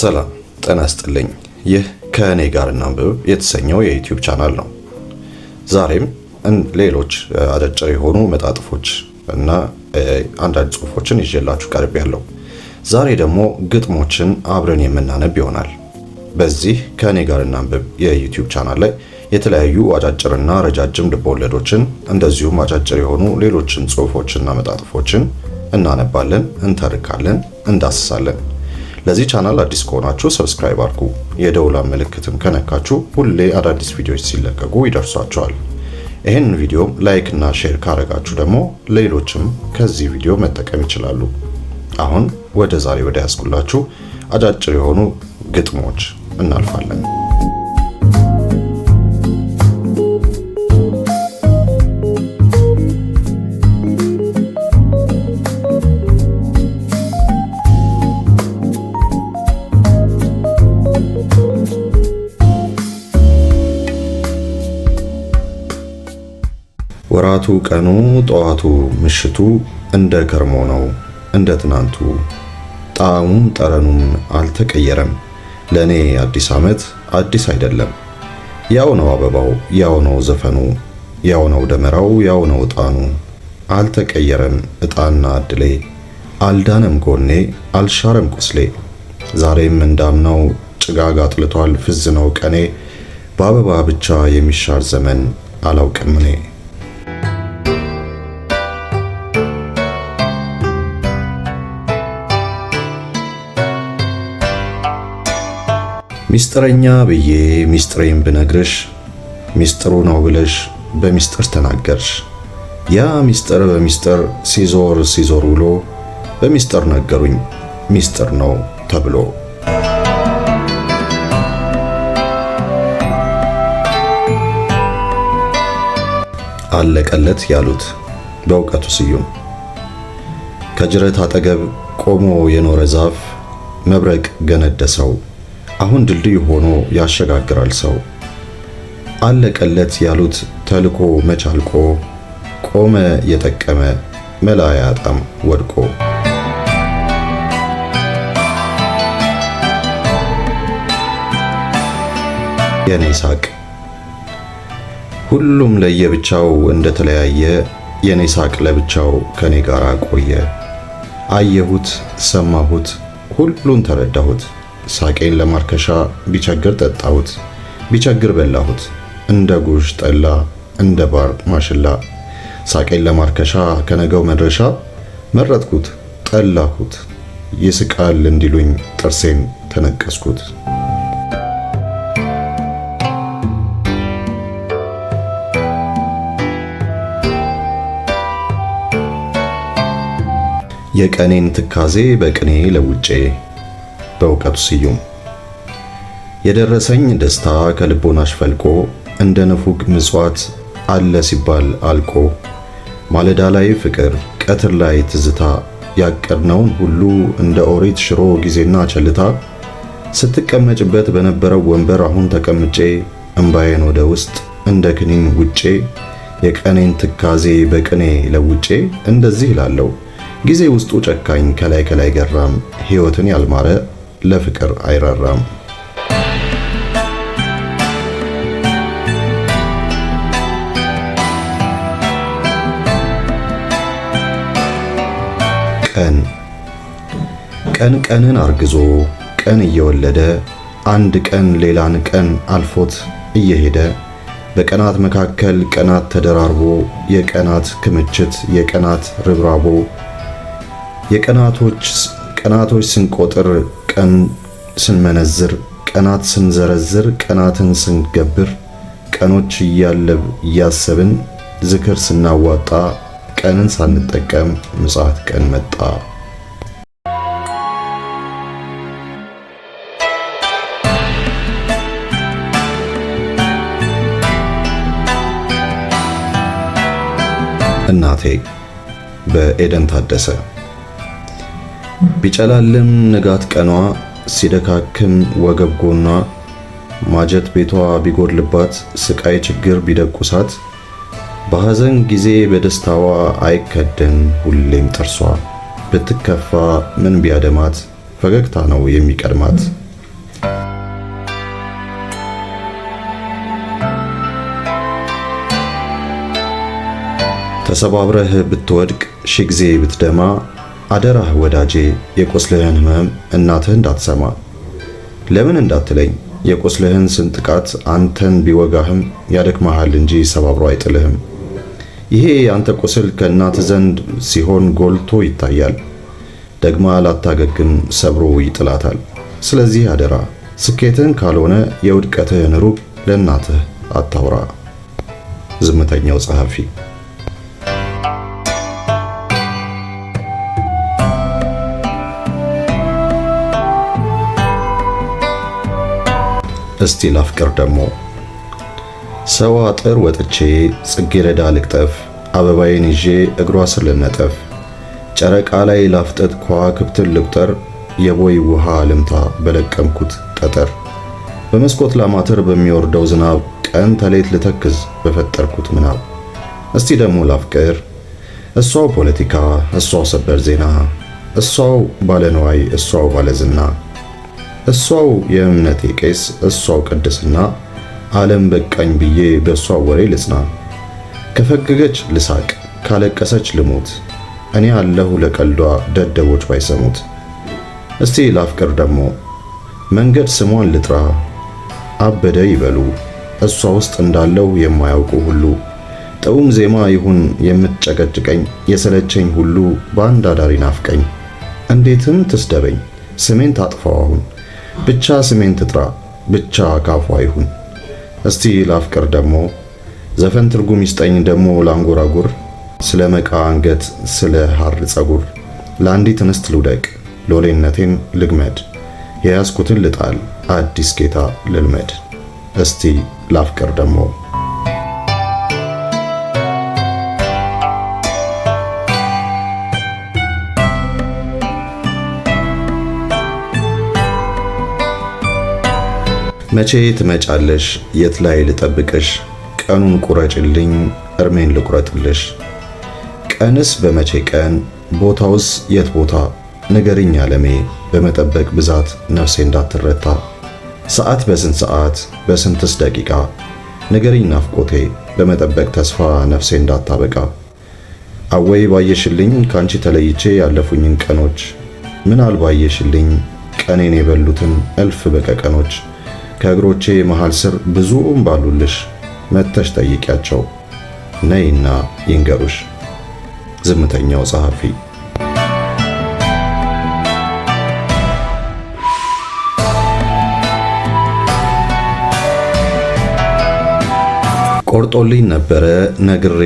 ሰላም ጤና ይስጥልኝ። ይህ ከእኔ ጋር እናንብብ የተሰኘው የዩቲዩብ ቻናል ነው። ዛሬም ሌሎች አጫጭር የሆኑ መጣጥፎች እና አንዳንድ ጽሁፎችን ይዤላችሁ ቀርብ ያለው ዛሬ ደግሞ ግጥሞችን አብረን የምናነብ ይሆናል። በዚህ ከእኔ ጋር እናንብብ የዩቲዩብ ቻናል ላይ የተለያዩ አጫጭርና ረጃጅም ልቦወለዶችን እንደዚሁም አጫጭር የሆኑ ሌሎችን ጽሑፎችና መጣጥፎችን እናነባለን፣ እንተርካለን፣ እንዳስሳለን። ለዚህ ቻናል አዲስ ከሆናችሁ ሰብስክራይብ አድርጉ። የደውላ ምልክትም ከነካችሁ ሁሌ አዳዲስ ቪዲዮዎች ሲለቀቁ ይደርሷቸዋል። ይህን ቪዲዮ ላይክ እና ሼር ካረጋችሁ ደግሞ ሌሎችም ከዚህ ቪዲዮ መጠቀም ይችላሉ። አሁን ወደ ዛሬ ወደ ያስኩላችሁ አጫጭር የሆኑ ግጥሞች እናልፋለን። ጠዋቱ ቀኑ፣ ጠዋቱ ምሽቱ እንደ ከርሞ ነው እንደ ትናንቱ። ጣዕሙም ጠረኑም አልተቀየረም። ለእኔ አዲስ ዓመት አዲስ አይደለም። ያው ነው አበባው፣ ያው ነው ዘፈኑ፣ ያው ነው ደመራው፣ ያው ነው ዕጣኑ። አልተቀየረም ዕጣና ዕድሌ፣ አልዳነም ጎኔ፣ አልሻረም ቁስሌ። ዛሬም እንዳምናው ጭጋግ አጥልቷል፣ ፍዝ ነው ቀኔ። በአበባ ብቻ የሚሻር ዘመን አላውቅም እኔ። ሚስጥረኛ ብዬ ሚስጥሬን ብነግርሽ ሚስጥሩ ነው ብለሽ በሚስጥር ተናገርሽ። ያ ሚስጥር በሚስጥር ሲዞር ሲዞር ውሎ በሚስጥር ነገሩኝ ሚስጥር ነው ተብሎ አለቀለት ያሉት በእውቀቱ ስዩም ከጅረት አጠገብ ቆሞ የኖረ ዛፍ መብረቅ ገነደሰው። አሁን ድልድይ ሆኖ ያሸጋግራል ሰው። አለቀለት ያሉት ተልኮ መቻልቆ ቆመ የጠቀመ መላ ያጣም ወድቆ። የኔ ሳቅ ሁሉም ለየብቻው እንደተለያየ የኔ ሳቅ ለብቻው ከኔ ጋር ቆየ። አየሁት፣ ሰማሁት፣ ሁሉን ተረዳሁት። ሳቄን ለማርከሻ ቢቸግር ጠጣሁት፣ ቢቸግር በላሁት፣ እንደ ጉሽ ጠላ፣ እንደ ባር ማሽላ። ሳቄን ለማርከሻ ከነገው መድረሻ መረጥኩት፣ ጠላሁት፣ ይስቃል እንዲሉኝ ጥርሴን ተነቀስኩት። የቀኔን ትካዜ በቅኔ ለውጬ በእውቀቱ ስዩም የደረሰኝ ደስታ ከልቦን አሽፈልቆ እንደ ንፉግ ምጽዋት አለ ሲባል አልቆ ማለዳ ላይ ፍቅር፣ ቀትር ላይ ትዝታ ያቀድነውን ሁሉ እንደ ኦሪት ሽሮ ጊዜና ቸልታ ስትቀመጭበት በነበረው ወንበር አሁን ተቀምጬ እምባዬን ወደ ውስጥ እንደ ክኒን ውጬ የቀኔን ትካዜ በቅኔ ለውጬ እንደዚህ እላለሁ ጊዜ ውስጡ ጨካኝ ከላይ ከላይ ገራም ሕይወትን ያልማረ ለፍቅር አይራራም። ቀን ቀን ቀንን አርግዞ ቀን እየወለደ አንድ ቀን ሌላን ቀን አልፎት እየሄደ በቀናት መካከል ቀናት ተደራርቦ የቀናት ክምችት የቀናት ርብራቦ የቀናቶች ቀናቶች ስንቆጥር ቀን ስንመነዝር ቀናት ስንዘረዝር ቀናትን ስንገብር ቀኖች እያለብ እያሰብን ዝክር ስናዋጣ ቀንን ሳንጠቀም ምጽአት ቀን መጣ። እናቴ በኤደን ታደሰ ቢጨላልም ንጋት ቀኗ ሲደካክም ወገብ ጎኗ ማጀት ቤቷ ቢጎድልባት ስቃይ ችግር ቢደቁሳት በሐዘን ጊዜ በደስታዋ አይከደን ሁሌም ጥርሷ ብትከፋ ምን ቢያደማት ፈገግታ ነው የሚቀድማት። ተሰባብረህ ብትወድቅ ሺ ጊዜ ብትደማ አደራህ ወዳጄ የቁስልህን ህመም እናትህ እንዳትሰማ ለምን እንዳትለኝ የቁስልህን ስንጥቃት አንተን ቢወጋህም ያደክመሃል እንጂ ሰባብሮ አይጥልህም። ይሄ የአንተ ቁስል ከእናት ዘንድ ሲሆን ጎልቶ ይታያል። ደግማ ላታገግም ሰብሮ ይጥላታል። ስለዚህ አደራ ስኬትህን ካልሆነ የውድቀትህን ሩብ ለእናትህ አታውራ። ዝምተኛው ጸሐፊ እስቲ ላፍቅር ደሞ ሰው አጥር ወጥቼ ጽጌረዳ ልቅጠፍ አበባዬን ይዤ እግሯ ስር ልነጠፍ ጨረቃ ላይ ላፍጠጥ ከዋክብትን ልቁጠር የቦይ ውሃ ልምታ በለቀምኩት ጠጠር በመስኮት ላማትር በሚወርደው ዝናብ ቀን ተሌት ልተክዝ በፈጠርኩት ምናብ እስቲ ደግሞ ላፍቅር እሷው ፖለቲካ እሷው ሰበር ዜና እሷው ባለንዋይ እሷው ባለዝና እሷው የእምነቴ ቄስ፣ እሷው ቅድስና፣ ዓለም በቃኝ ብዬ በእሷው ወሬ ልጽና። ከፈገገች ልሳቅ፣ ካለቀሰች ልሞት፣ እኔ አለሁ ለቀልዷ ደደቦች ባይሰሙት። እስቲ ላፍቅር ደግሞ መንገድ ስሟን ልጥራ፣ አበደ ይበሉ እሷ ውስጥ እንዳለው የማያውቁ ሁሉ ጥዑም ዜማ ይሁን የምትጨቀጭቀኝ የሰለቸኝ ሁሉ በአንድ አዳሪ ናፍቀኝ። እንዴትም ትስደበኝ ስሜን ታጥፋው አሁን ብቻ ስሜን ትጥራ፣ ብቻ ካፏ ይሁን። እስቲ ላፍቅር ደግሞ ዘፈን ትርጉም ይስጠኝ ደግሞ ላንጎራጉር፣ ስለ መቃ አንገት፣ ስለ ሐር ጸጉር፣ ለአንዲት እንስት ልውደቅ፣ ሎሌነቴን ልግመድ፣ የያዝኩትን ልጣል፣ አዲስ ጌታ ልልመድ። እስቲ ላፍቅር ደሞ መቼ ትመጫለሽ? የት ላይ ልጠብቅሽ? ቀኑን ቁረጭልኝ፣ እርሜን ልቁረጥልሽ። ቀንስ በመቼ ቀን? ቦታውስ የት ቦታ? ንገርኝ አለሜ በመጠበቅ ብዛት ነፍሴ እንዳትረታ። ሰዓት በስንት ሰዓት? በስንትስ ደቂቃ? ንገርኝ ናፍቆቴ፣ በመጠበቅ ተስፋ ነፍሴ እንዳታበቃ። አወይ ባየሽልኝ ካንቺ ተለይቼ ያለፉኝን ቀኖች፣ ምናልባየሽልኝ ቀኔን የበሉትን እልፍ በቀቀኖች ከእግሮቼ መሃል ስር ብዙ እምባ አሉልሽ። መጥተሽ ጠይቂያቸው ነይና ይንገሩሽ። ዝምተኛው ጸሐፊ ቆርጦልኝ ነበረ ነግሬ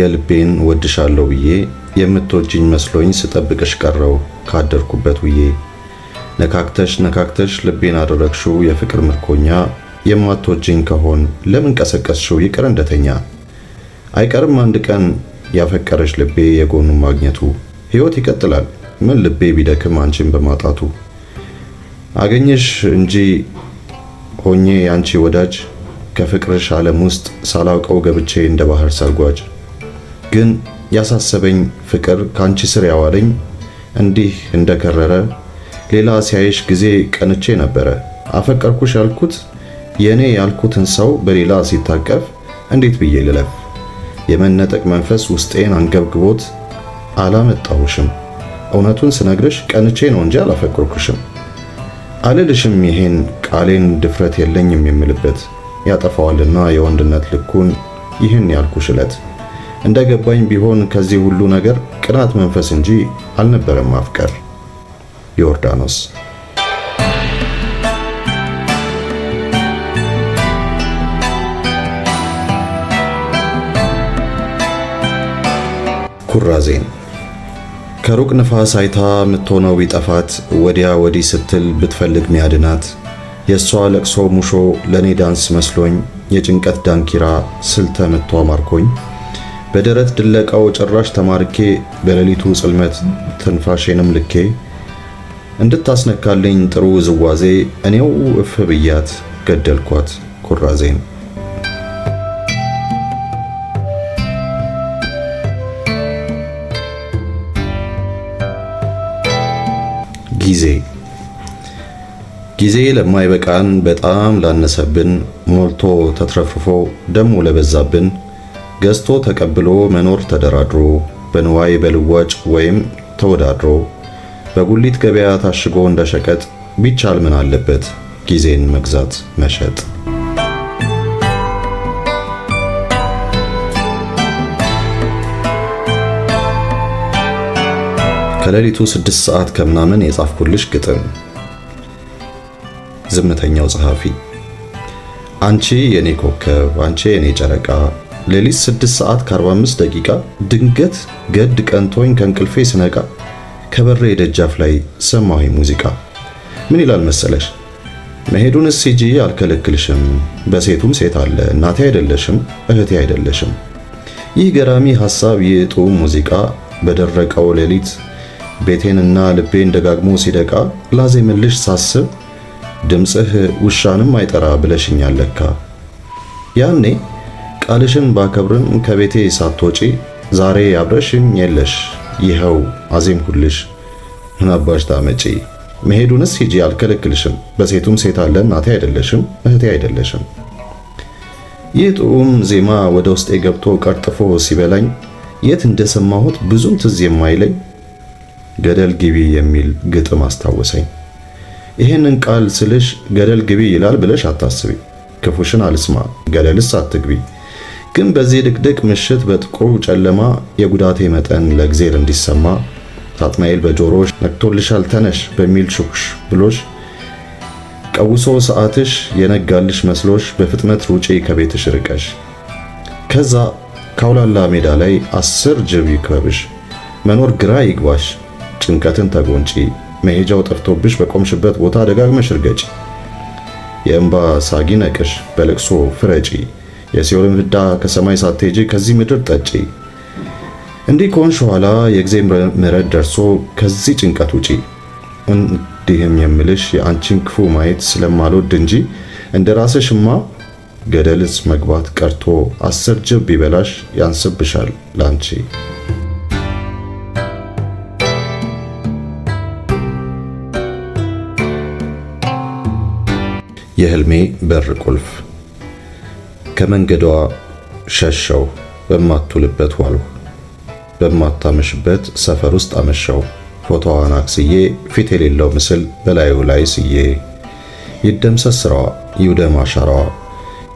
የልቤን ወድሻለሁ ብዬ የምትወጅኝ መስሎኝ ስጠብቅሽ ቀረው ካደርኩበት ውዬ ነካክተሽ ነካክተሽ ልቤን አደረግሽው የፍቅር ምርኮኛ፣ የማትወጂኝ ከሆን ለምን ቀሰቀስሽው ይቅር እንደተኛ። አይቀርም አንድ ቀን ያፈቀረሽ ልቤ የጎኑን ማግኘቱ፣ ሕይወት ይቀጥላል ምን ልቤ ቢደክም አንቺን በማጣቱ። አገኘሽ እንጂ ሆኜ የአንቺ ወዳጅ፣ ከፍቅርሽ ዓለም ውስጥ ሳላውቀው ገብቼ እንደ ባህር ሰርጓጅ። ግን ያሳሰበኝ ፍቅር ከአንቺ ስር ያዋለኝ እንዲህ እንደከረረ ሌላ ሲያይሽ ጊዜ ቀንቼ ነበረ። አፈቀርኩሽ ያልኩት የእኔ ያልኩትን ሰው በሌላ ሲታቀፍ እንዴት ብዬ ልለፍ? የመነጠቅ መንፈስ ውስጤን አንገብግቦት አላመጣሁሽም። እውነቱን ስነግርሽ ቀንቼ ነው እንጂ አላፈቀርኩሽም። አልልሽም ይሄን ቃሌን ድፍረት የለኝም የምልበት ያጠፋዋልና የወንድነት ልኩን ይህን ያልኩሽ እለት! እንደገባኝ ቢሆን ከዚህ ሁሉ ነገር ቅናት መንፈስ እንጂ አልነበረም አፍቀር ዮርዳኖስ ኩራዜን ከሩቅ ንፋስ አይታ የምትሆነው ቢጠፋት ወዲያ ወዲህ ስትል ብትፈልግ ሚያድናት የእሷ ለቅሶ ሙሾ ለእኔ ዳንስ መስሎኝ የጭንቀት ዳንኪራ ስልተ ምቷ ማርኮኝ በደረት ድለቃው ጭራሽ ተማርኬ በሌሊቱ ጽልመት ትንፋሼንም ልኬ እንድታስነካልኝ ጥሩ ውዝዋዜ እኔው እፍ ብያት ገደልኳት ኩራዜን። ጊዜ ጊዜ ለማይበቃን በጣም ላነሰብን ሞልቶ ተትረፍፎ ደሞ ለበዛብን ገዝቶ ተቀብሎ መኖር ተደራድሮ በንዋይ በልዋጭ ወይም ተወዳድሮ በጉሊት ገበያ ታሽጎ እንደ ሸቀጥ ቢቻል ምን አለበት ጊዜን መግዛት መሸጥ። ከሌሊቱ ስድስት ሰዓት ከምናምን የጻፍኩልሽ ግጥም። ዝምተኛው ጸሐፊ አንቺ የኔ ኮከብ አንቺ የኔ ጨረቃ ሌሊት 6 ሰዓት ከ45 ደቂቃ ድንገት ገድ ቀንቶኝ ከእንቅልፌ ስነቃ ከበሬ ደጃፍ ላይ ሰማዊ ሙዚቃ። ምን ይላል መሰለሽ? መሄዱንስ ሂጂ አልከለክልሽም፣ በሴቱም ሴት አለ፣ እናቴ አይደለሽም፣ እህቴ አይደለሽም። ይህ ገራሚ ሐሳብ፣ ይህ ጥዑም ሙዚቃ በደረቀው ሌሊት ቤቴንና ልቤን ደጋግሞ ሲደቃ ላዜምልሽ ሳስብ ድምፅህ ውሻንም አይጠራ ብለሽኛል ለካ። ያኔ ቃልሽን ባከብርም ከቤቴ ሳትወጪ ዛሬ አብረሽኝ የለሽ ይኸው አዜም ሁልሽ ምናባሽ ታመጪ መሄዱንስ ሂጂ አልከለክልሽም። በሴቱም ሴት አለ እናቴ አይደለሽም እህቴ አይደለሽም። ይህ ጥዑም ዜማ ወደ ውስጤ ገብቶ ቀርጥፎ ሲበላኝ የት እንደሰማሁት ብዙም ትዝ የማይለኝ ገደል ግቢ የሚል ግጥም አስታወሰኝ። ይህንን ቃል ስልሽ ገደል ግቢ ይላል ብለሽ አታስቢ። ክፉሽን አልስማ፣ ገደልስ አትግቢ ግን በዚህ ድቅድቅ ምሽት በጥቁሩ ጨለማ የጉዳቴ መጠን ለእግዜር እንዲሰማ ሳጥናኤል በጆሮሽ ነክቶልሻል ተነሽ በሚል ሹክሽ ብሎሽ ቀውሶ ሰዓትሽ የነጋልሽ መስሎሽ በፍጥነት ሩጪ ከቤትሽ ርቀሽ። ከዛ ካውላላ ሜዳ ላይ አስር ጅብ ይክበብሽ። መኖር ግራ ይግባሽ። ጭንቀትን ተጎንጪ። መሄጃው ጠፍቶብሽ በቆምሽበት ቦታ ደጋግመሽ እርገጪ። የእንባ ሳጊ ነቅሽ በልቅሶ ፍረጪ። የሲኦልም ፍዳ ከሰማይ ሳትሄጂ ከዚህ ምድር ጠጪ። እንዲህ ከሆንሽ ኋላ የእግዚአብሔር ምሕረት ደርሶ ከዚህ ጭንቀት ውጪ። እንዲህም የምልሽ የአንቺን ክፉ ማየት ስለማልወድ እንጂ እንደ ራስሽማ ገደልስ መግባት ቀርቶ አስር ጅብ ቢበላሽ ያንስብሻል ላንቺ። የህልሜ በር ቁልፍ ከመንገዷ ሸሸው። በማትውልበት ዋልሁ። በማታመሽበት ሰፈር ውስጥ አመሸው። ፎቶዋን አክስዬ ፊት የሌለው ምስል በላዩ ላይ ስዬ ይደምሰስ ስራዋ ይውደም አሻራዋ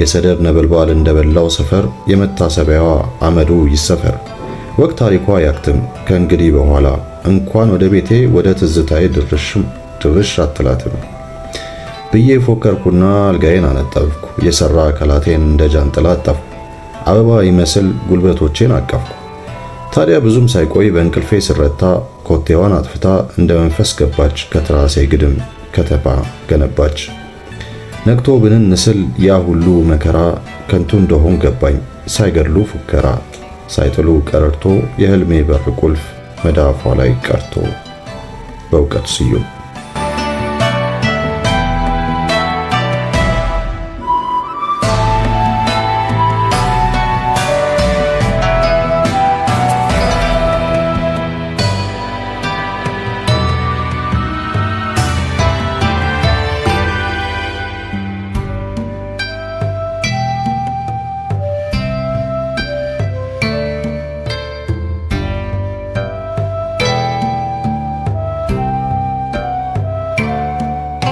የሰደድ ነበልባል እንደበላው ሰፈር የመታሰቢያዋ አመዱ ይሰፈር ወቅት ታሪኳ ያክትም ከእንግዲህ በኋላ እንኳን ወደ ቤቴ ወደ ትዝታዬ ድርሽም ድርሽ አትላትም። ብዬ ፎከርኩና አልጋዬን አነጠፍኩ። የሰራ አካላቴን እንደ ጃንጥላ አጠፍኩ። አበባ ይመስል ጉልበቶቼን አቀፍኩ። ታዲያ ብዙም ሳይቆይ በእንቅልፌ ስረታ ኮቴዋን አጥፍታ እንደ መንፈስ ገባች። ከትራሴ ግድም ከተማ ገነባች። ነቅቶ ብንን ንስል ያ ሁሉ መከራ ከንቱ እንደሆን ገባኝ። ሳይገድሉ ፉከራ ሳይጥሉ ቀረርቶ የህልሜ በር ቁልፍ መዳፏ ላይ ቀርቶ በእውቀት ስዩም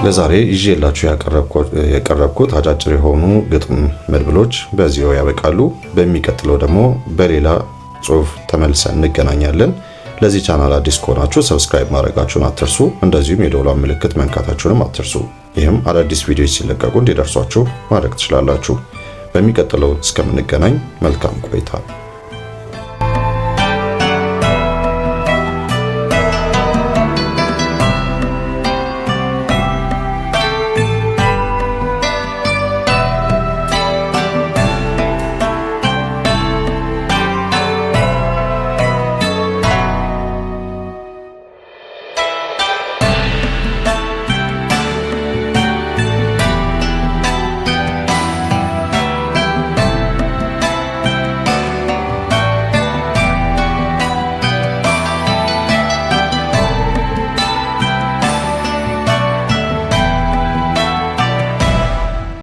ለዛሬ ይዤላችሁ ያቀረብኩት አጫጭር የሆኑ ግጥም መድብሎች በዚሁ ያበቃሉ። በሚቀጥለው ደግሞ በሌላ ጽሁፍ ተመልሰን እንገናኛለን። ለዚህ ቻናል አዲስ ከሆናችሁ ሰብስክራይብ ማድረጋችሁን አትርሱ። እንደዚሁም የደውሏን ምልክት መንካታችሁንም አትርሱ። ይህም አዳዲስ ቪዲዮዎች ሲለቀቁ እንዲደርሷችሁ ማድረግ ትችላላችሁ። በሚቀጥለው እስከምንገናኝ መልካም ቆይታ